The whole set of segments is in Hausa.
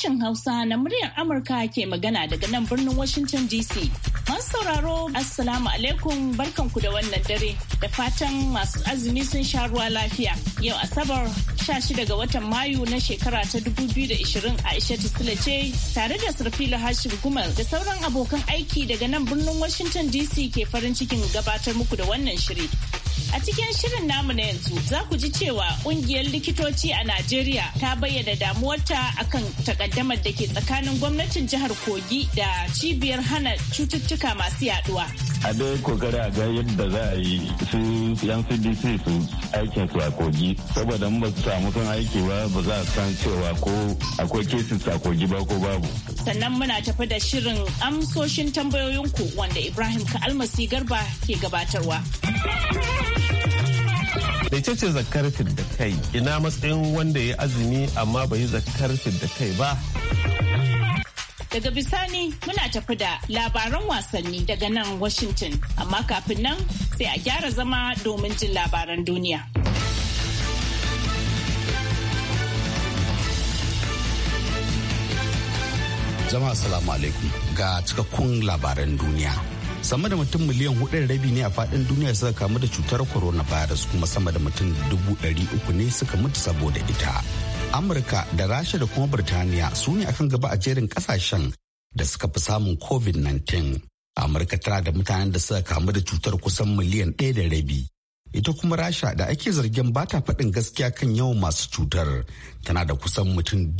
sashen Hausa na muryar Amurka ke magana daga nan birnin Washington DC. Masu sauraro, Assalamu alaikum barkanku da wannan dare da fatan masu azumi sun sha ruwa lafiya. Yau Asabar 16 ga watan Mayu na shekara ta 2020 Aisha Sule ce tare da Sarfila Hashim Gumal da sauran abokan aiki daga nan birnin Washington DC ke farin cikin gabatar muku da wannan shiri. A cikin shirin namu na yanzu za ku ji cewa kungiyar likitoci a Najeriya ta bayyana damuwarta akan takaddamar da ke tsakanin gwamnatin jihar Kogi da cibiyar hana cututtuka masu yaduwa. A dai kokari a ga yadda za a yi su yan CDC su aikin su a Kogi saboda mu ba su samu kan aiki ba ba za a san cewa ko akwai su a Kogi ba ko babu. Sannan muna tafi da shirin amsoshin tambayoyinku wanda Ibrahim Ka'almasi Garba ke gabatarwa. mecece zakar da kai ina matsayin wanda ya azumi amma bai zakar da kai ba daga bisani muna tafi da labaran wasanni daga nan washington amma kafin nan sai a gyara zama domin jin labaran duniya jama'a salamu alaikum ga cikakkun labaran duniya sama da mutum miliyan hudu da rabi ne a fadin duniya suka kamu da cutar corona coronavirus kuma sama da mutum dubu ɗari uku ne suka mutu saboda ita amurka da rasha da kuma birtaniya su ne akan gaba a jerin kasashen da suka fi samun covid-19 amurka tana da mutanen da suka kamu da cutar kusan miliyan ɗaya da rabi ita kuma rasha da ake zargin ba ta faɗin gaskiya kan yawan masu cutar tana da kusan mutum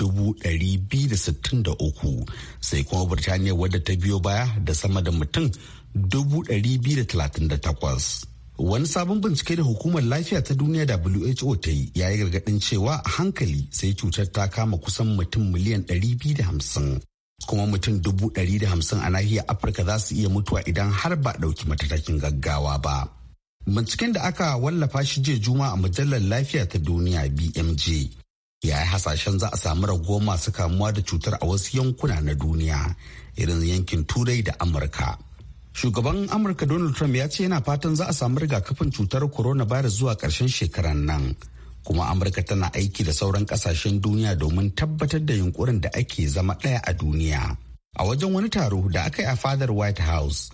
uku sai kuma birtaniya wadda ta biyo baya da sama da mutum takwas. wani sabon bincike da hukumar lafiya ta duniya who ta yi ya yi gargaɗin cewa a hankali sai cutar ta kama kusan mutum miliyan hamsin. kuma mutum dubu da hamsin a nahiyar afirka za su iya mutuwa idan har ba ɗauki matatakin gaggawa ba Binciken da aka wallafa shi jiya juma a mujallar lafiya ta duniya BMJ ya yi hasashen za a samu ragowa masu kamuwa da cutar a wasu yankuna na duniya irin yankin turai da amurka. Shugaban Amurka Donald Trump ya ce yana fatan za a samu rigakafin cutar corona coronavirus zuwa ƙarshen shekaran nan. Kuma Amurka tana aiki da sauran ƙasashen duniya domin tabbatar da yunkurin da ake zama ɗaya a duniya. A wajen wani taro da aka yi a fadar White House,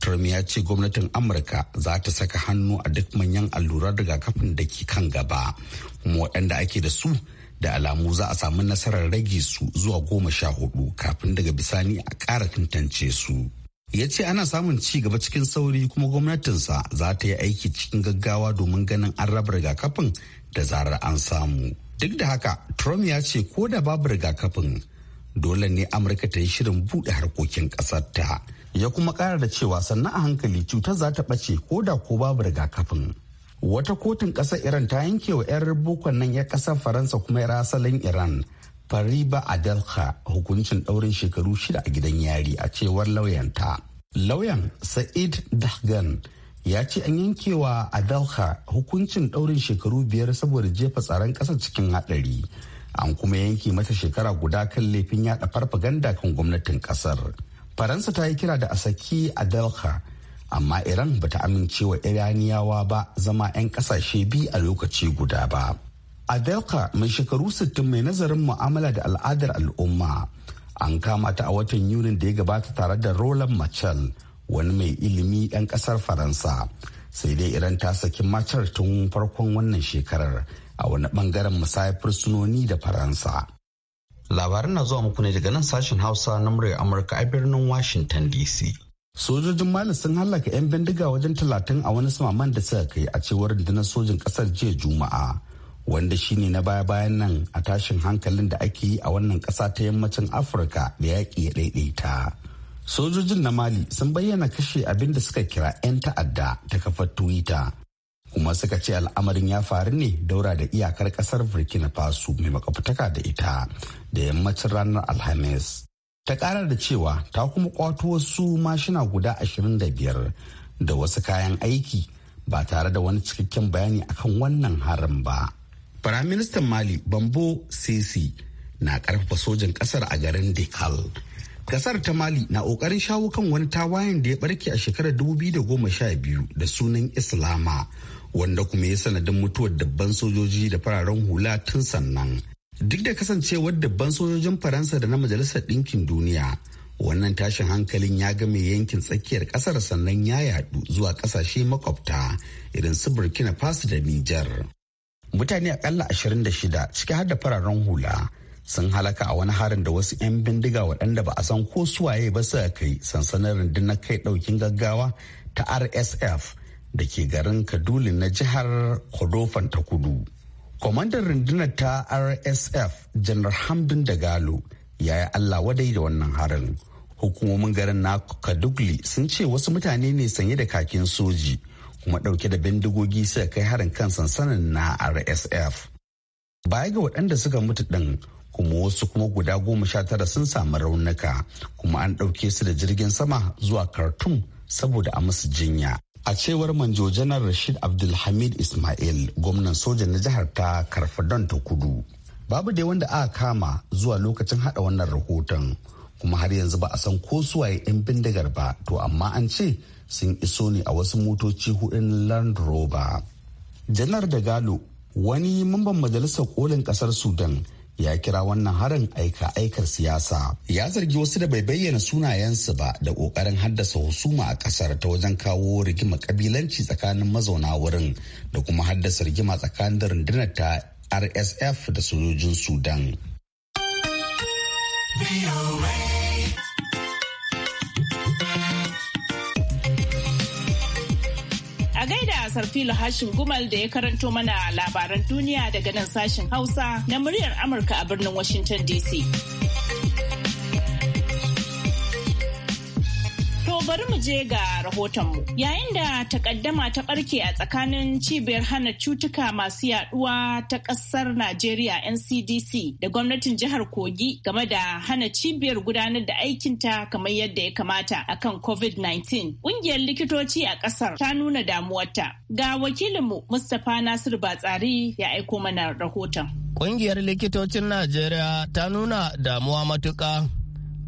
Trump ya ce gwamnatin Amurka za ta saka hannu a duk manyan allurar rigakafin da ke kan gaba, kuma waɗanda ake da su da alamu za a samu nasarar rage su zuwa goma sha hudu kafin daga bisani a ƙara tantance su. Ya ce ana samun ci gaba cikin sauri kuma gwamnatinsa za ta yi aiki cikin gaggawa domin ganin an raba rigakafin da zarar an samu. Duk da haka, Trump ya ce ko da babu rigakafin dole ne Amurka ta yi shirin buɗe harkokin ƙasarta. ta. ya kuma kara da cewa sannan a hankali cutar za ta ɓace ko da ko babu rigakafin wata kotun ƙasar iran ta yanke wa yar bukon nan ya ƙasar faransa kuma ya asalin iran fariba adelka hukuncin ɗaurin shekaru shida a gidan yari a cewar lauyanta lauyan sa'id dahgan ya ce an yanke wa adelka hukuncin ɗaurin shekaru biyar saboda jefa tsaron ƙasar cikin haɗari an kuma yanke mata shekara guda kan laifin yaɗa farfaganda kan gwamnatin ƙasar. faransa ta yi kira da a saki adelka amma iran bata amincewa iraniyawa ba zama 'yan kasashe biyu a lokaci guda ba A adelka mai shekaru 60 mai nazarin mu'amala da al'adar al'umma an kama ta a watan yunin da ya gabata tare da roland machel wani mai ilimi 'yan kasar faransa sai dai iran ta saki macar tun farkon wannan shekarar a wani bangaren musayar fursunoni da faransa labaran na zuwa muku ne daga nan sashen hausa na muryar amurka a birnin washington dc sojojin mali sun hallaka 'yan bindiga wajen talatin a wani samaman da suka kai a cewar rundunar sojin kasar jiya juma'a wanda shine na baya bayan nan a tashin hankalin da ake yi a wannan kasa ta yammacin afirka da yaƙi ya ɗaiɗaita. sojojin na mali sun bayyana kashe abin da suka kira 'yan ta'adda ta kafar twitter kuma suka ce al'amarin ya faru ne daura da iyakar kasar burkina faso mai makafutaka da ita da yammacin ranar alhamis ta kara da cewa ta kuma kwato wasu mashina guda 25 da wasu kayan aiki ba tare da wani cikakken bayani akan wannan harin ba firaministan mali bambo sisi na karfafa sojin kasar a garin dekal kasar ta mali na kokarin shawo kan wani tawayen da ya barke a shekarar 2012 da sunan islama wanda kuma ya sanadin mutuwar dabban sojoji da fararen hula tun sannan duk da kasancewar dabban sojojin faransa da na majalisar ɗinkin duniya wannan tashin hankalin ya game yankin tsakiyar kasar sannan ya yadu zuwa ƙasashe makwabta irin su burkina faso da nijar mutane akalla 26 ciki har da fararen hula sun halaka a wani harin da wasu 'yan bindiga waɗanda ba a san ko suwaye ba suka kai sansanin rundunar kai ɗaukin gaggawa ta rsf da ke garin kaduli na jihar kodofan ta kudu kwamandan rundunar ta rsf janar hamdun dagalo ya yi allah wadai da wannan harin hukumomin garin na kadugli sun ce wasu mutane ne sanye da kakin soji kuma ɗauke da bindigogi suka kai harin kan sansanin na rsf baya ga waɗanda suka mutu ɗin kuma wasu kuma guda goma sha tara sun samu raunuka kuma an ɗauke su da jirgin sama zuwa khartoum saboda a musu jinya a cewar manjo janar rashid abdulhamid ismail gwamnan soja na jihar ta karfadon ta kudu babu dai wanda aka kama zuwa lokacin hada wannan rahoton kuma har yanzu ba a san ko suwaye 'yan bindigar ba to amma an ce sun iso ne a wasu motoci hudun land rover janar da galo wani mamban majalisar kolin kasar sudan ya kira wannan harin aika aikar siyasa ya zargi wasu da bai bayyana sunayensu ba da kokarin haddasa husuma a kasar ta wajen kawo rigima kabilanci tsakanin mazauna wurin da kuma haddasa rigima tsakanin rundunar ta rsf da sojojin sudan. filo Hashin Gumal da ya karanto mana labaran duniya daga nan sashen Hausa na muryar Amurka a birnin Washington DC. bari mu je ga rahotonmu. Yayin da takaddama ta ɓarke a tsakanin cibiyar hana cutuka masu yaduwa ta ƙasar Najeriya NCDC da gwamnatin jihar Kogi game da hana cibiyar gudanar da aikinta kamar yadda ya kamata akan COVID-19. Ƙungiyar likitoci a ƙasar ta nuna damuwarta. Ga wakilinmu Mustapha Nasir Batsari ya aiko mana rahoton. Ƙungiyar likitocin Najeriya ta nuna damuwa matuƙa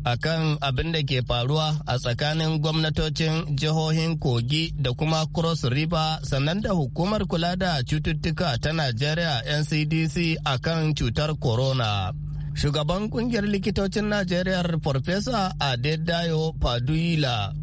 akan abin da ke faruwa a tsakanin gwamnatocin jihohin kogi da kuma cross river sannan da hukumar kula da cututtuka ta najeriya ncdc a kan cutar corona shugaban kungiyar likitocin najeriya farfesa adedayo faduyila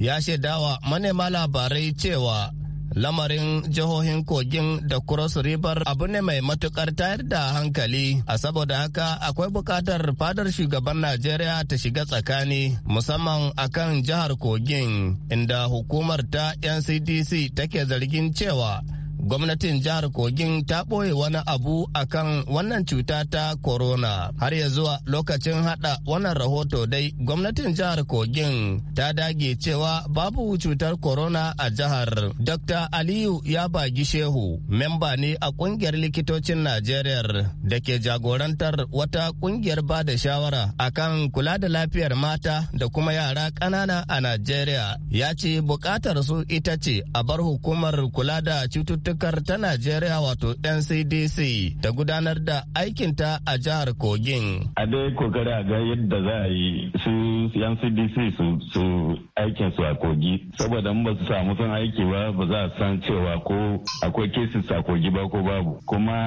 ya shaidawa manema labarai cewa lamarin jihohin kogin da cross river abu ne mai matukar tayar da hankali a saboda haka akwai bukatar fadar shugaban najeriya ta shiga tsakani musamman akan jihar kogin inda hukumar ta ncdc take zargin cewa gwamnatin jihar kogin ta ɓoye wani abu akan wannan cuta ta corona har ya zuwa lokacin hada wannan rahoto dai gwamnatin jihar kogin ta dage cewa babu cutar corona a jihar dr aliyu ya bagi shehu memba ne a kungiyar likitocin najeriya da ke jagorantar wata kungiyar ba da shawara akan kula da lafiyar mata da kuma yara ƙanana a najeriya ya ce bukatar su ita ce a bar hukumar kula da cututtuka fafutukar ta Najeriya wato NCDC ta gudanar da aikinta a jihar Kogin. A dai kokari a ga yadda za a yi su NCDC su aikin su a Kogi saboda mu ba su samu son aiki ba ba za a san cewa ko akwai kesis a Kogi ba ko babu kuma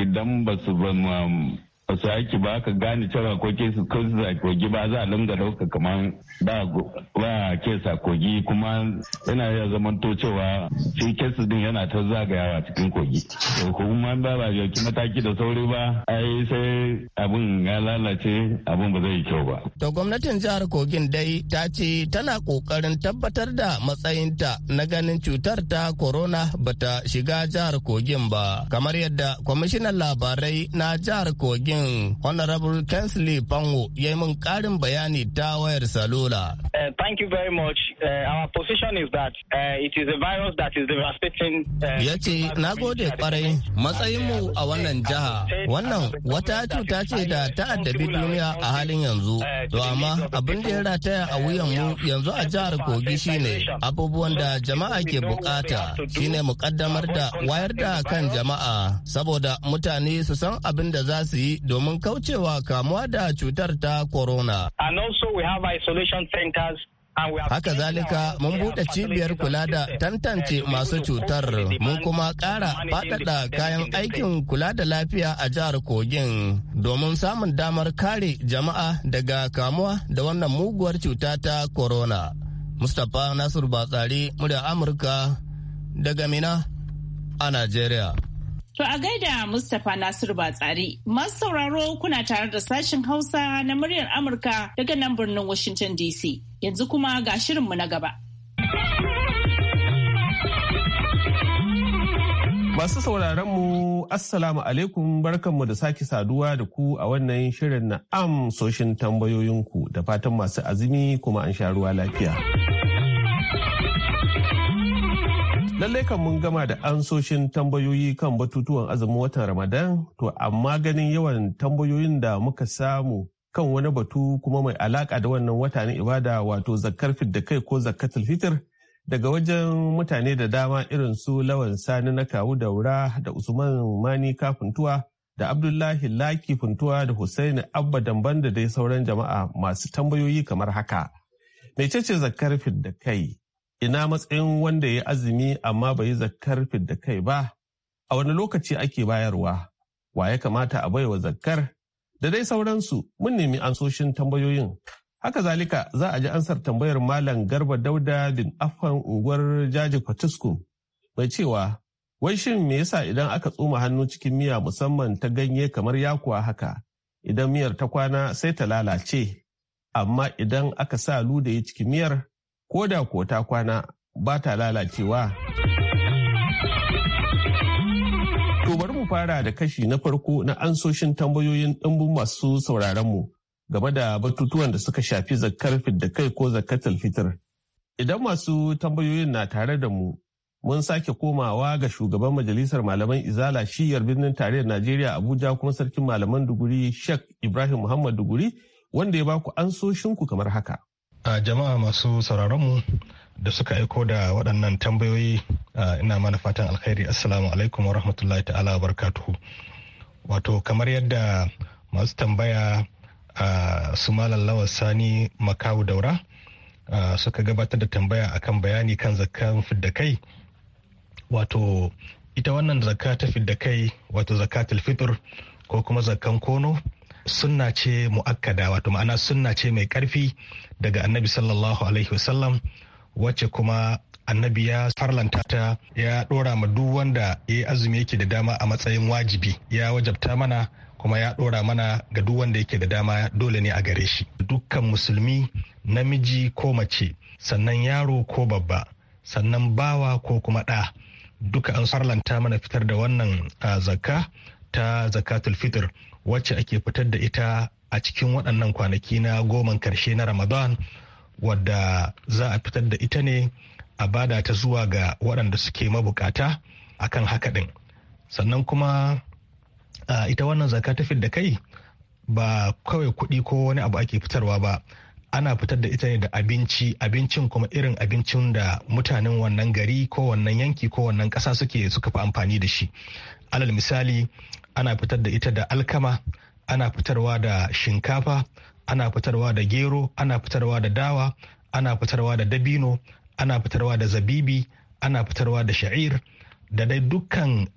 idan ba su ba ba su aiki ba ka gane cewa ko su kai a kogi ba za a lunga dauka kamar ba kesa kogi kuma yana ya to cewa shi kesu din yana ta zagayawa cikin kogi to kuma ba ba ki mataki da sauri ba ai sai abun ya lalace abun ba zai yi kyau ba to gwamnatin jihar kogin dai ta ce tana kokarin tabbatar da matsayinta na ganin cutar ta corona bata shiga jihar kogin ba kamar yadda kwamishinan labarai na jihar kogin Kwamitin Honorable Kensley Panwo ya yi min ƙarin bayani ta wayar salula. Eh, thank you very much. Eh, our position is that eh, it is a virus that is devastating. ya ce, na gode kwarai matsayinmu a wannan jiha. Wannan wata cuta ce da ta addabi duniya a halin yanzu. To amma abin da ya rataya a wuyan mu yanzu a jihar Kogi shine abubuwan da jama'a ke bukata shine mu kaddamar da wayar da kan jama'a saboda mutane su san abin da za su yi domin kaucewa kamuwa da cutar ta corona. Haka zalika mun buɗe cibiyar kula da tantance uh, masu cutar mun kuma ƙara faɗaɗa kayan aikin kula da lafiya a jihar Kogin domin samun damar kare jama'a daga kamuwa da wannan muguwar cuta ta corona. Mustapha Nasiru Batsari, murya Amurka daga Mina a Najeriya. To a gaida Mustapha Nasiru Batsari, masu sauraro kuna tare da sashen Hausa na muryar Amurka daga nan birnin Washington DC. Yanzu kuma ga shirinmu na gaba. Masu sauraronmu, Assalamu alaikum barkanmu da sake saduwa da ku a wannan shirin na soshin tambayoyinku da fatan masu azumi kuma an sha ruwa lafiya. Lallai kan mun gama da ansoshin tambayoyi kan batutuwan azumin watan Ramadan, to amma ganin yawan tambayoyin da muka samu kan wani batu kuma mai alaka da wannan wata na ibada wato zakkar da kai ko zakkatul fitr daga wajen mutane da dama irin su lawan sani na kawu da daura da usman mani kafuntuwa da abdullahi laki funtuwa da hussaini abba damban da dai sauran jama'a masu tambayoyi kamar haka mecece zakkar da kai ina matsayin wanda ya azumi amma bai yi zakkar fidda kai ba a wani lokaci ake bayarwa wa ya kamata a baiwa zakkar da dai sauransu mun nemi ansoshin tambayoyin haka zalika za a ji ansar tambayar malam garba dauda bin afan unguwar jaji kwatiskum mai cewa wai shin me yasa idan aka tsoma hannu cikin miya musamman ta ganye kamar yakuwa haka idan miyar ta kwana sai ta lalace amma idan aka sa ludayi cikin miyar ko da ko ta kwana ba ta lalacewa. To bari mu fara da kashi na farko na ansoshin tambayoyin ɗumbin masu sauraronmu game da batutuwan da suka shafi zakar da kai ko zakatul fitar. Idan masu tambayoyin na tare da mu, mun sake komawa ga shugaban majalisar malaman izala shiyar birnin tarayyar Najeriya Abuja kuma sarkin malaman duguri Sheikh Ibrahim Muhammad duguri wanda ya baku ansoshinku kamar haka. a jama'a masu sauraronmu da suka aiko da waɗannan tambayoyi ina mana fatan alkhairi assalamu alaikum wa rahmatullahi ta'ala barkatuhu wato kamar yadda masu tambaya su malam sani makawu daura suka gabatar da tambaya akan bayani kan zakan fidda kai wato ita wannan zakka ta fidda kai wato zakatul fitr ko kuma zakkan kono sunna ce mu'akkada wato ma'ana sunna ce mai karfi daga annabi sallallahu alaihi wasallam wacce kuma annabi ya farlanta ta ya dora ma duk wanda ya yi azumi yake da dama a matsayin wajibi ya wajabta mana kuma ya dora mana ga duk wanda yake da dama dole ne a gare shi dukkan musulmi namiji ko mace sannan yaro ko babba sannan bawa ko kuma ɗa duka an farlanta mana fitar da wannan ah, zakka ta zakatul fitr wacce ake fitar da ita a cikin waɗannan kwanaki na goman karshe na ramadan wadda za a fitar da ita ne a bada ta zuwa ga waɗanda suke mabukata kan haka ɗin sannan kuma ita wannan zaka ta da kai ba kawai kuɗi ko wani abu ake fitarwa ba ana fitar da ita ne da abinci abincin kuma irin abincin da mutanen wannan gari ko wannan yanki ko wannan ƙasa suke suka fi amfani da shi alal misali ana fitar da ita da alkama ana fitarwa da shinkafa ana fitarwa da gero ana fitarwa da dawa ana fitarwa da dabino ana fitarwa da zabibi ana fitarwa da sha'ir da dai dukkan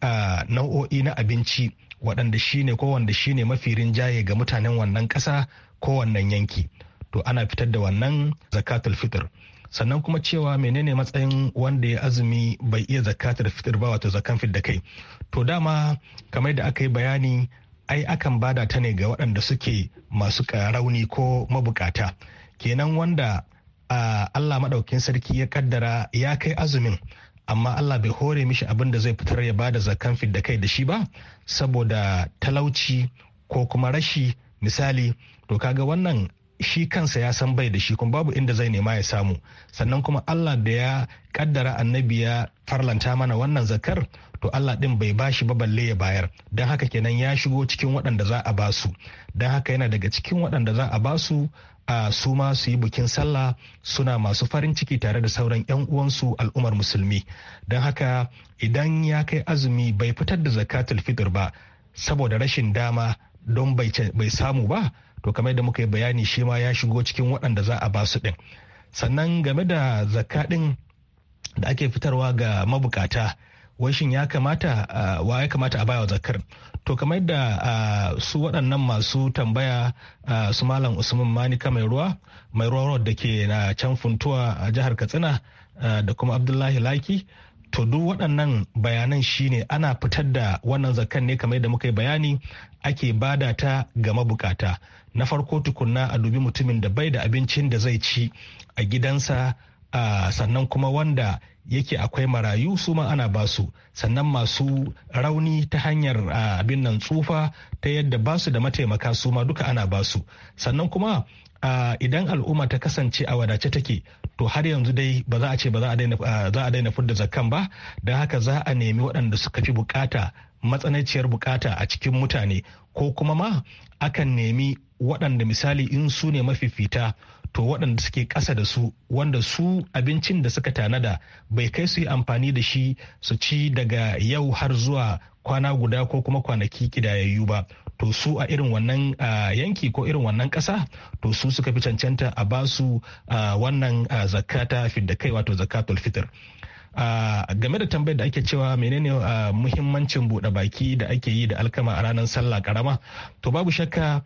nau'o'i na abinci waɗanda shine ko wanda shine mafi rinjaye ga mutanen wannan ƙasa ko wannan yanki to ana fitar da wannan zakatul fitr sannan kuma cewa menene matsayin wanda ya azumi bai iya zakatul fitr ba wato zakan fit da kai to dama kamar da aka yi bayani ai akan bada ta ne ga waɗanda suke masu rauni ko mabukata kenan wanda allah maɗaukin sarki ya kaddara ya kai azumin amma allah bai hore mishi abin da zai fitar ya bada zakan da kai da shi ba saboda talauci ko kuma rashi misali to kaga wannan shi kansa ya san bai da shi kuma babu inda zai nema ya samu sannan kuma Allah da ya kaddara annabi ya farlanta mana wannan zakar to Allah din bai bashi ba balle ya bayar don haka kenan ya shigo cikin waɗanda za a basu don haka yana daga cikin waɗanda za a basu a su ma su yi bikin sallah suna masu farin ciki tare da sauran 'yan uwansu al'ummar musulmi don haka idan ya kai azumi bai fitar da zakatul fitr ba saboda rashin dama don bai samu ba to kamar da muka yi bayani shi ma ya shigo cikin waɗanda za a basu ɗin sannan game da zakka ɗin da ake fitarwa ga mabukata washin ya kamata wa ya kamata a baya wa zakar to kamar da su waɗannan masu tambaya su malam usman manika mai ruwa mai ruwa da ke na can funtuwa a jihar katsina da kuma abdullahi laki to duk waɗannan bayanan shine ana fitar da wannan zakan ne kamar yadda muka yi bayani ake bada ta ga mabukata na farko tukunna a dubi mutumin da bai da abincin da zai ci a gidansa a sannan kuma wanda yake akwai marayu su ma ana basu sannan masu rauni ta hanyar abin nan tsufa ta yadda basu da mataimaka su ma duka ana basu sannan kuma idan al'umma ta kasance a wadace take to har yanzu dai ba za a ce ba za a daina fudda zakkan ba da haka za a nemi waɗanda suka fi bukata matsananciyar bukata a cikin mutane ko kuma ma akan nemi waɗanda misali in su ne mafifita to waɗanda suke ƙasa da su wanda su abincin da suka tanada bai kai su yi amfani da shi su ci daga yau har zuwa kwana guda ko kuma kwanaki kidayayyu ba to su a irin wannan yanki ko irin wannan ƙasa to su suka fi cancanta a basu wannan zakata fidda kai wato zakatul fitr A game da tambayar da ake cewa menene muhimmancin buɗe baki da ake yi da alkama a ranar sallah karama to babu shakka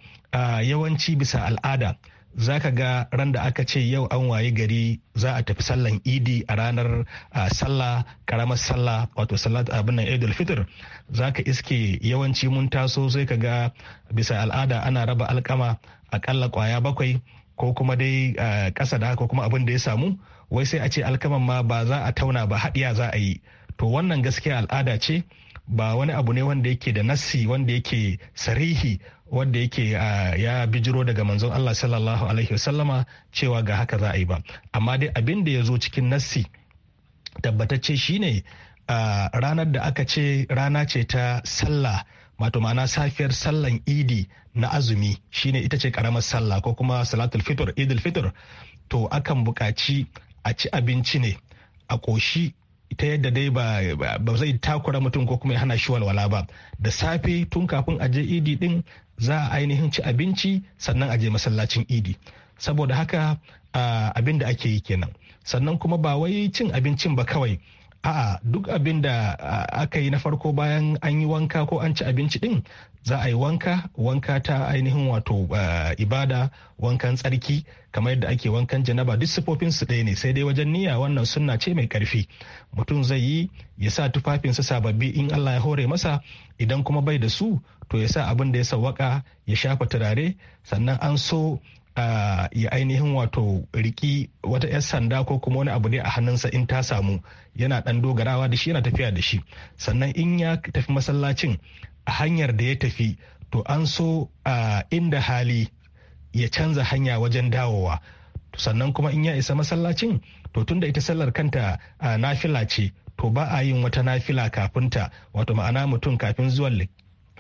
yawanci bisa al'ada za ka ga ran da aka ce yau an waye gari za a tafi sallan idi a ranar sallah karamar sallah wato sallah abin idul fitr za ka iske yawanci mun taso sai ka ga bisa al'ada ana raba alkama akalla kwaya bakwai ko kuma dai kasa da ko kuma abin da ya samu wai sai a ce alkaman ma ba za a tauna ba haɗiya za a yi to wannan gaskiya al'ada ce ba wani abu ne wanda yake da nassi wanda yake sarihi wanda yake ah, ya bijiro daga manzon Allah sallallahu alaihi wasallama cewa ga haka za a yi ba amma dai abin da ya zo cikin nassi tabbatacce shine ah, ranar da aka ce rana ce ta sallah wato ma'ana safiyar sallan idi na azumi shine ita ce karamar sallah ko kuma salatul fitr idul fitr to akan buƙaci a ci abinci ne a ƙoshi ta yadda dai ba zai takura mutum ko kuma ya hana shi walwala ba da safe tun kafin a je idi din za a ainihin ci abinci sannan a je masallacin idi saboda haka abin da ake yi kenan sannan kuma ba wai cin abincin ba kawai a'a duk abin da aka yi na farko bayan an yi wanka ko an ci abinci din za a yi wanka wanka ta ainihin wato ibada wankan tsarki kamar yadda ake wankan janaba duk sifofin su ɗaya ne sai dai wajen niyya wannan sunna ce mai karfi mutum zai yi ya sa tufafinsa sababbi in Allah ya hore masa idan kuma bai da su to ya sa abin da ya sawaka ya shafa turare sannan an so ya ainihin wato riki wata 'yan sanda ko kuma wani abu ne a hannunsa in ta samu yana dan dogarawa da shi yana tafiya da shi sannan in ya tafi masallacin a hanyar da ya tafi to an so inda hali ya canza hanya wajen dawowa sannan kuma in ya isa masallacin to tunda ita sallar kanta nafila ce to ba a yin wata nafila kafin ta wato ma'ana mutum kafin zuwan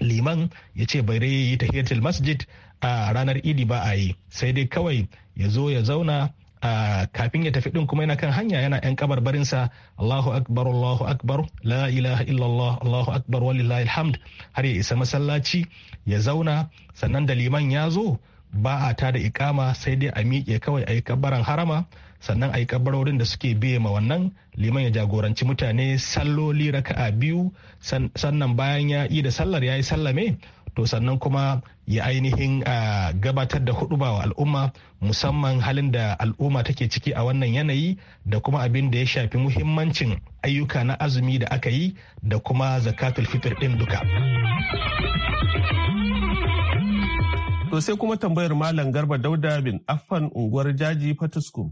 liman ya ce bai rai yi tahiyatul masjid a ranar idi ba a yi sai dai kawai ya zo ya zauna a kafin ya tafi din kuma yana kan hanya yana yan kabarbarinsa Allahu akbar Allahu akbar la ilaha illallah Allahu akbar walillahi alhamd har ya isa masallaci ya zauna sannan da liman ya zo ba a ta da ikama sai dai a miƙe kawai a yi kabaran harama sannan a yi kabarorin da suke biye ma wannan liman ya jagoranci mutane salloli raka'a biyu sannan bayan ya yi da sallar ya yi sallame to sannan kuma ya ainihin gabatar da hudu wa al'umma musamman halin da al'umma take ciki a wannan yanayi da kuma abin da ya shafi muhimmancin ayyuka na azumi da aka yi da kuma zakatul fitr din duka. To sai kuma tambayar Malam Garba Dauda bin afan unguwar Jaji Fatuskum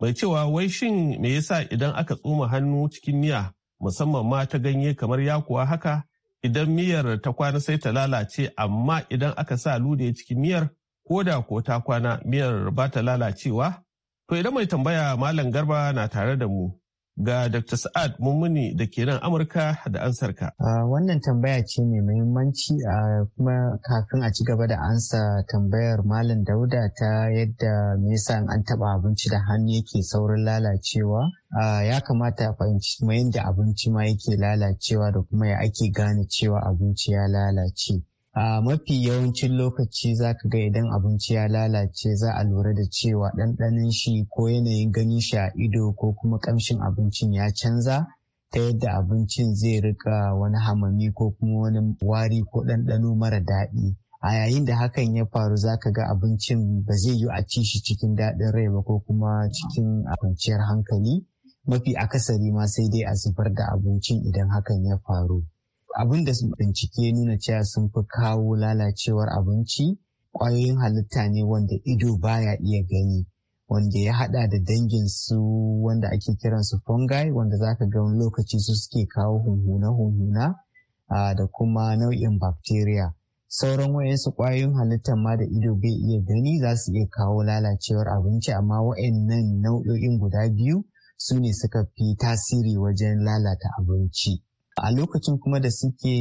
mai cewa wai shin me yasa idan aka tsoma hannu cikin miya musamman ma ta ganye kamar yakuwa haka idan miyar ta kwana sai ta lalace amma idan aka sa lude cikin miyar ko da ko ta kwana miyar ba ta lalacewa to idan mai tambaya malam garba na tare da mu ga Dr. Sa'ad Mummuni da ke nan Amurka da ansarka. Wannan tambaya ce mai muhimmanci kuma kafin a ci gaba da ansa tambayar Malam Dauda ta yadda me yasa an taba abinci da hannu yake saurin lalacewa. ya kamata a fahimci yadda abinci ma yake lalacewa da kuma ya ake gane cewa abinci ya lalace. a mafi yawancin lokaci za ka ga idan abinci ya lalace za a lura da cewa ɗanɗanin shi ko yanayin ganin shi a ido ko kuma ƙamshin abincin ya canza ta yadda abincin zai rika wani hamami ko kuma wani wari ko ɗanɗano mara daɗi a yayin da hakan ya faru za ka ga abincin ba zai yi a ci shi cikin daɗin rai ba ko kuma cikin kwanciyar hankali mafi akasari ma sai dai a zubar da abincin idan hakan ya faru abin da bincike nuna cewa sun fi kawo lalacewar abinci ƙwayoyin halitta ne wanda ido baya iya gani wanda ya hada da dangin su wanda ake kiran su fungi wanda zaka ga wani lokaci su suke kawo hunhuna hunhuna da kuma nau'in bacteria sauran wayansu kwayoyin halittar ma da ido bai iya gani za su iya kawo lalacewar abinci amma wayannan nau'o'in guda biyu su ne suka fi tasiri wajen lalata abinci a lokacin kuma da suke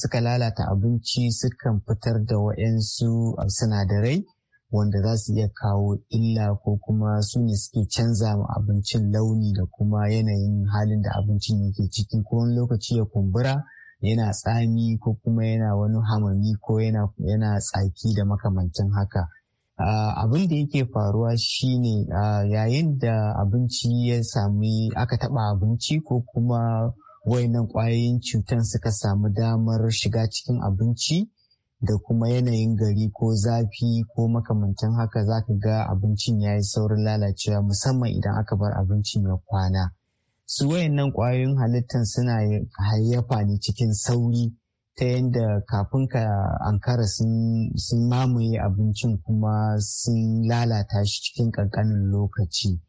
suka lalata abinci sukan fitar da wa'yansu sinadarai wanda za su iya kawo illa ko kuma su ne suke canza ma abincin launi da kuma yanayin halin da abincin yake ciki ko wani lokaci ya kumbura yana tsami ko kuma yana wani hamami ko yana tsaki da makamancin haka abin da yake faruwa shine yayin da abinci ya sami aka taba abinci ko kuma wayannan ƙwayoyin cutan suka samu damar shiga cikin abinci da kuma yanayin gari ko zafi ko makamantan haka za ka ga abincin ya yi saurin lalacewa musamman idan aka bar abincin ya kwana. Su wayannan ƙwayoyin halittan suna hayyafa ne cikin sauri ta yadda kafin ka ankara sun mamaye abincin kuma sun lalata shi cikin ƙanƙanin lokaci.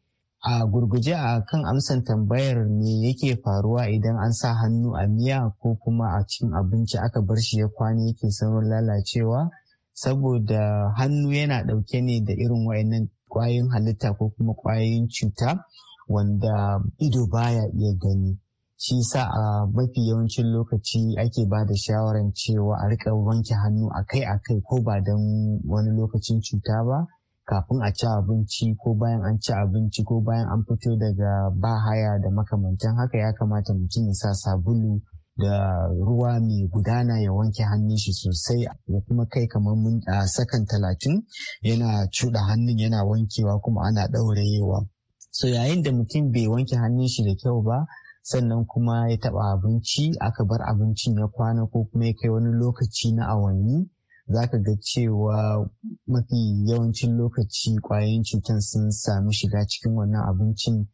a gurguje a kan amsan tambayar me yake faruwa idan an sa hannu a miya ko kuma a cikin abinci aka bar shi ya kwana yake saurin lalacewa saboda hannu yana ɗauke ne da irin wayannan kwayoyin halitta ko kuma kwayoyin cuta wanda ido baya iya gani shi sa a mafi yawancin lokaci ake ba da shawaran cewa a rika wanke hannu akai-akai ko ba don wani lokacin cuta ba kafin a ci abinci ko bayan an ci abinci ko bayan an fito daga bahaya da makamantan haka ya kamata mutum ya sa sabulu da ruwa mai gudana ya wanke hannun shi sosai ya kuma kai kamar mun a sakan talatin yana cuɗa hannun yana wankewa kuma ana ɗaurayewa so yayin da mutum bai wanke hannun shi da kyau ba sannan kuma ya taɓa abinci aka bar abincin ya kwana ko kuma ya kai wani lokaci na awanni za ka ga cewa mafi yawancin lokaci kwayoyin cutan sun sami shiga cikin wannan abincin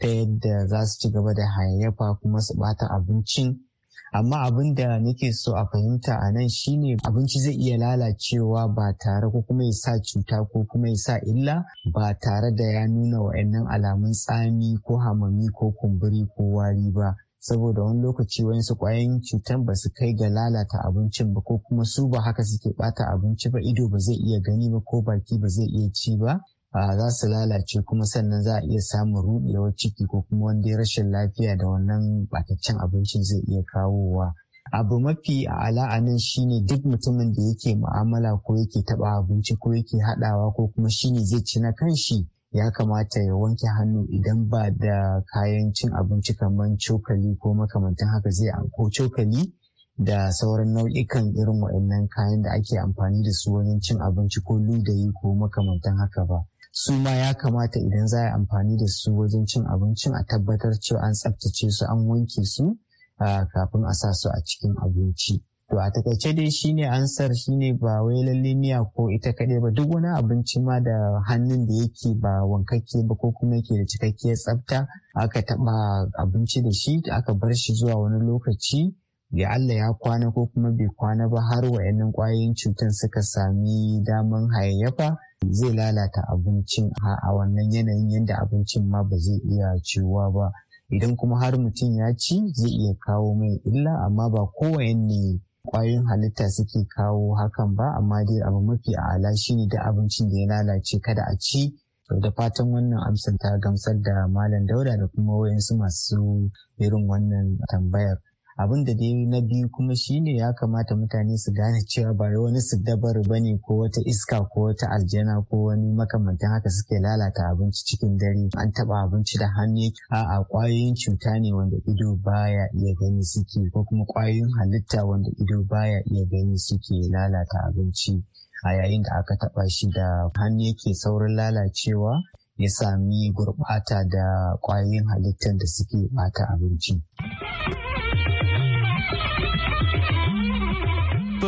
ta yadda za su ci gaba da hayayyafa kuma su bata abincin amma abin da nake so a fahimta a nan shine abinci zai iya lalacewa ba tare ko kuma ya sa cuta ko kuma ya sa illa ba tare da ya nuna wa'annan alamun tsami ko hamami ko kumburi ko wari ba saboda wani lokaci wayansu kwayoyin cutan ba su kai ga lalata abincin ba ko kuma su ba haka suke bata abinci ba ido ba zai iya gani ba ko baki ba zai iya ci ba a za su lalace kuma sannan za a iya samun rubewar ciki ko kuma wanda rashin lafiya da wannan bataccen abincin zai iya kawowa abu mafi ala a nan shine duk mutumin da yake mu'amala ko yake taba abinci ko yake haɗawa ko kuma shine zai ci na kanshi ya kamata ya wanke hannu idan ba da kayan cin abinci kamar cokali ko makamantan haka zai anko cokali da sauran nau'ikan irin waɗannan kayan da ake amfani da su wajen cin abinci ko ludayi ko makamantan haka ba su ma ya kamata idan za a amfani da su wajen cin abincin a tabbatar cewa an tsaftace su an wanke su ah, kafin a sa su a cikin abinci. To a takaice dai shi shine ansar ne ba wai lalle miya ko ita kaɗai ba duk wani abinci ma da hannun da yake ba wankakke ba ko kuma yake da cikakkiyar tsafta aka taɓa abinci da shi aka bar shi zuwa wani lokaci ya Allah ya kwana ko kuma bai kwana ba har wa'annan ƙwayoyin cutan suka sami daman hayayyafa zai lalata abincin a wannan yanayin yadda abincin ma ba zai iya ciwuwa ba idan kuma har mutum ya ci zai iya kawo mai illa amma ba kowanne kwayoyin halitta suke kawo hakan ba amma dai abu mafi a'ala shine da abincin da ya lalace kada a ci da fatan wannan amsar ta gamsar da malam dauda da kuma wayansu masu irin wannan tambayar abin da dai na biyu kuma shine ya kamata mutane su gane cewa ba wani su dabar ba ne ko wata iska ko wata aljana ko wani makamantan haka suke lalata abinci cikin dare an taba abinci da hannu a'a kwayoyin cuta ne wanda ido baya iya gani suke ko kuma kwayoyin halitta wanda ido baya iya gani suke lalata abinci a yayin da aka taba shi da hannu yake saurin lalacewa ya sami gurbata da kwayoyin halittar da suke bata abinci.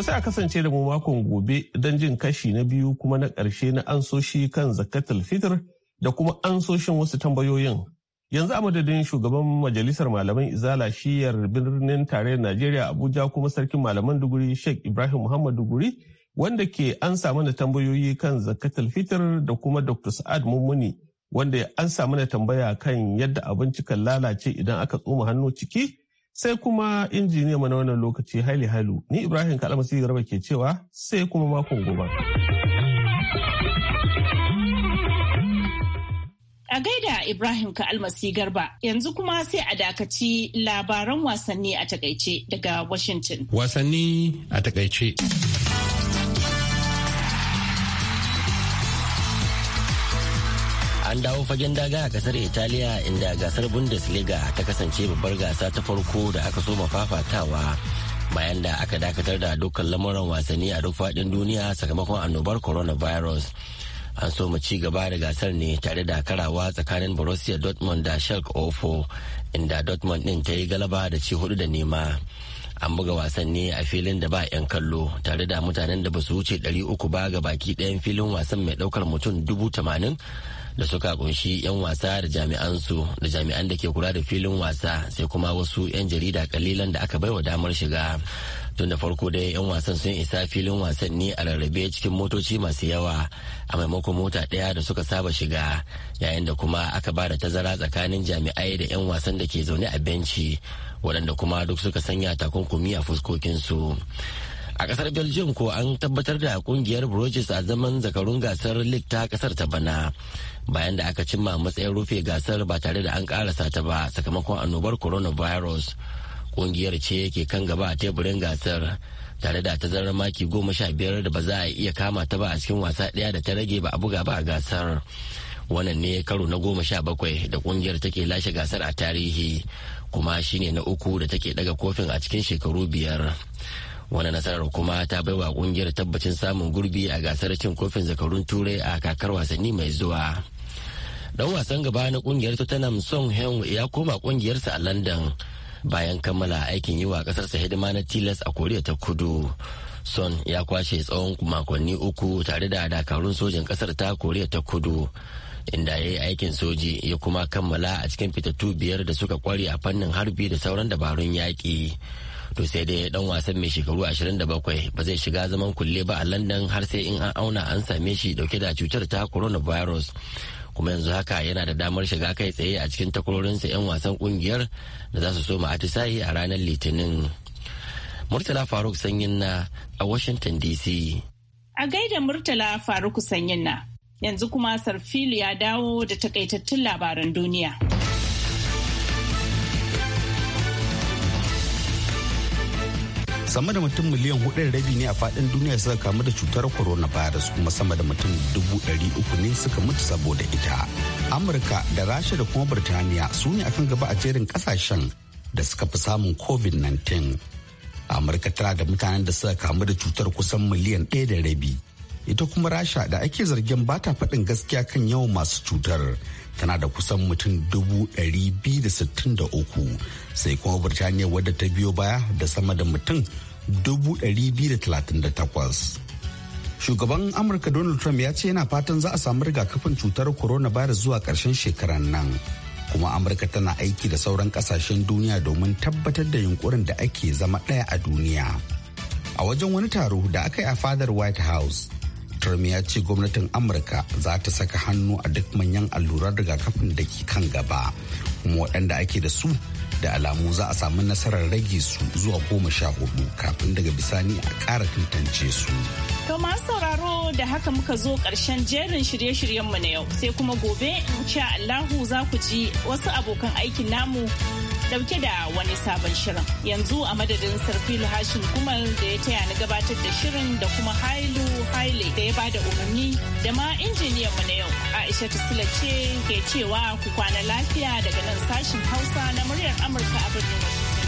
sai a kasance da mu makon gobe don jin kashi na biyu kuma na ƙarshe na ansoshi kan zakatul fitr da kuma ansoshin wasu tambayoyin. Yanzu a madadin shugaban majalisar malaman izala shiyar birnin tarayyar Najeriya Abuja kuma sarkin malaman duguri Sheikh Ibrahim Muhammad duguri wanda ke an da tambayoyi kan zakatul fitr da kuma Dr. Sa'ad Mummuni wanda an samu da tambaya kan yadda abinci kan lalace idan aka tsoma hannu ciki sai kuma injiniya mana wannan lokaci haili halu ni ibrahim kalamasi garba ke cewa sai kuma makon gobe a gaida ibrahim ka almasi garba yanzu kuma sai a dakaci labaran wasanni a takaice daga washington wasanni a takaice an dawo fagen daga a kasar italiya inda gasar bundesliga ta kasance babbar gasa ta farko da aka so mafafatawa bayan da aka dakatar da dukkan lamuran wasanni a duk fadin duniya sakamakon annobar coronavirus an so mu ci gaba da gasar ne tare da karawa tsakanin borussia dortmund da shark ofo inda dortmund din ta yi galaba da ci hudu da nema an buga wasanni a filin da ba 'yan kallo tare da mutanen da ba su wuce 300 ba ga baki ɗayan filin wasan mai ɗaukar mutum dubu tamanin da suka kunshi 'yan wasa da jami'an su da jami'an da ke kula da filin wasa sai kuma wasu 'yan jarida kalilan da aka baiwa damar shiga tun da farko dai 'yan wasan sun isa filin wasanni a rarrabe cikin motoci masu yawa a maimakon mota ɗaya da suka saba shiga yayin da kuma aka ba da tazara tsakanin jami'ai da 'yan wasan da ke zaune a benci waɗanda kuma duk suka sanya takunkumi a fuskokinsu a kasar belgium ko an tabbatar da kungiyar bruges a zaman zakarun gasar league ta kasar ta bana bayan da aka cimma matsayin rufe gasar ba tare da an karasa ta ba sakamakon annobar coronavirus kungiyar ce yake kan gaba a teburin gasar tare da tazarar maki goma sha biyar da ba za a iya kama ta ba a cikin wasa ɗaya da ta rage ba a buga ba a gasar wannan ne karo na goma sha bakwai da kungiyar take lashe gasar a tarihi kuma shine na uku da take daga kofin a cikin shekaru biyar wani nasarar kuma ta bai wa kungiyar tabbacin samun gurbi a gasar cin kofin zakarun turai a kakar wasanni mai zuwa dan wasan gaba na kungiyar tottenham son hen ya koma kungiyarsa a london bayan kammala aikin yi wa ƙasarsa hidima na tilas a koriya ta kudu son ya kwashe tsawon makonni uku tare da dakarun sojin kasar ta koriya ta kudu inda ya yi aikin soji ya kuma kammala a cikin fitattu biyar da suka kware a fannin harbi da sauran dabarun yaƙi to sai dai dan wasan mai shekaru 27 ba zai shiga zaman kulle ba a london har sai in an auna an same shi dauke da cutar ta coronavirus kuma yanzu haka yana da damar shiga kai tsaye a cikin takwarorinsa 'yan wasan kungiyar da za su soma atisayi a ranar litinin murtala faruk sanyin na a washington dc a gaida murtala faruk sanyin na yanzu kuma sarfili ya dawo da takaitattun labaran duniya. sama da mutum miliyan hudu rabi ne a fadin duniya suka kamu da cutar corona coronavirus kuma sama da mutum dubu dari uku ne suka mutu saboda ita amurka da rasha da kuma birtaniya su ne akan gaba a jerin kasashen da suka fi samun covid-19 amurka tana da mutanen da suka kamu da cutar kusan miliyan ɗaya da rabi ita kuma rasha da ake zargin ba ta faɗin gaskiya kan yawan masu cutar tana da kusan mutum 263 sai kuma birtaniya wadda ta biyo baya da sama da mutum 238 shugaban amurka donald trump ya ce yana fatan za a samu rigakafin cutar coronavirus zuwa karshen shekaran nan kuma amurka tana aiki da sauran kasashen duniya domin tabbatar da yunkurin da ake zama ɗaya a duniya a wajen wani taro da aka yi a fadar white house Trump ya ce gwamnatin Amurka za ta saka hannu a duk manyan allurar rigakafin da ke kan gaba, kuma waɗanda ake da su da alamu za a samu nasarar rage su zuwa goma sha hudu kafin daga bisani a ƙara tantance su. To masu sauraro da haka muka zo ƙarshen jerin shirye-shiryenmu na yau sai kuma gobe in sha Allahu za ku ji wasu abokan aikin namu dauke da wani sabon shirin yanzu a madadin sarfilu hashin gumal da ya taya ni gabatar da shirin da kuma hailu haile da ya bada umarni da ma injiniyan mu na yau aisha tusila ce ke cewa ku kwana lafiya daga nan sashin hausa na muryar amurka a birnin washington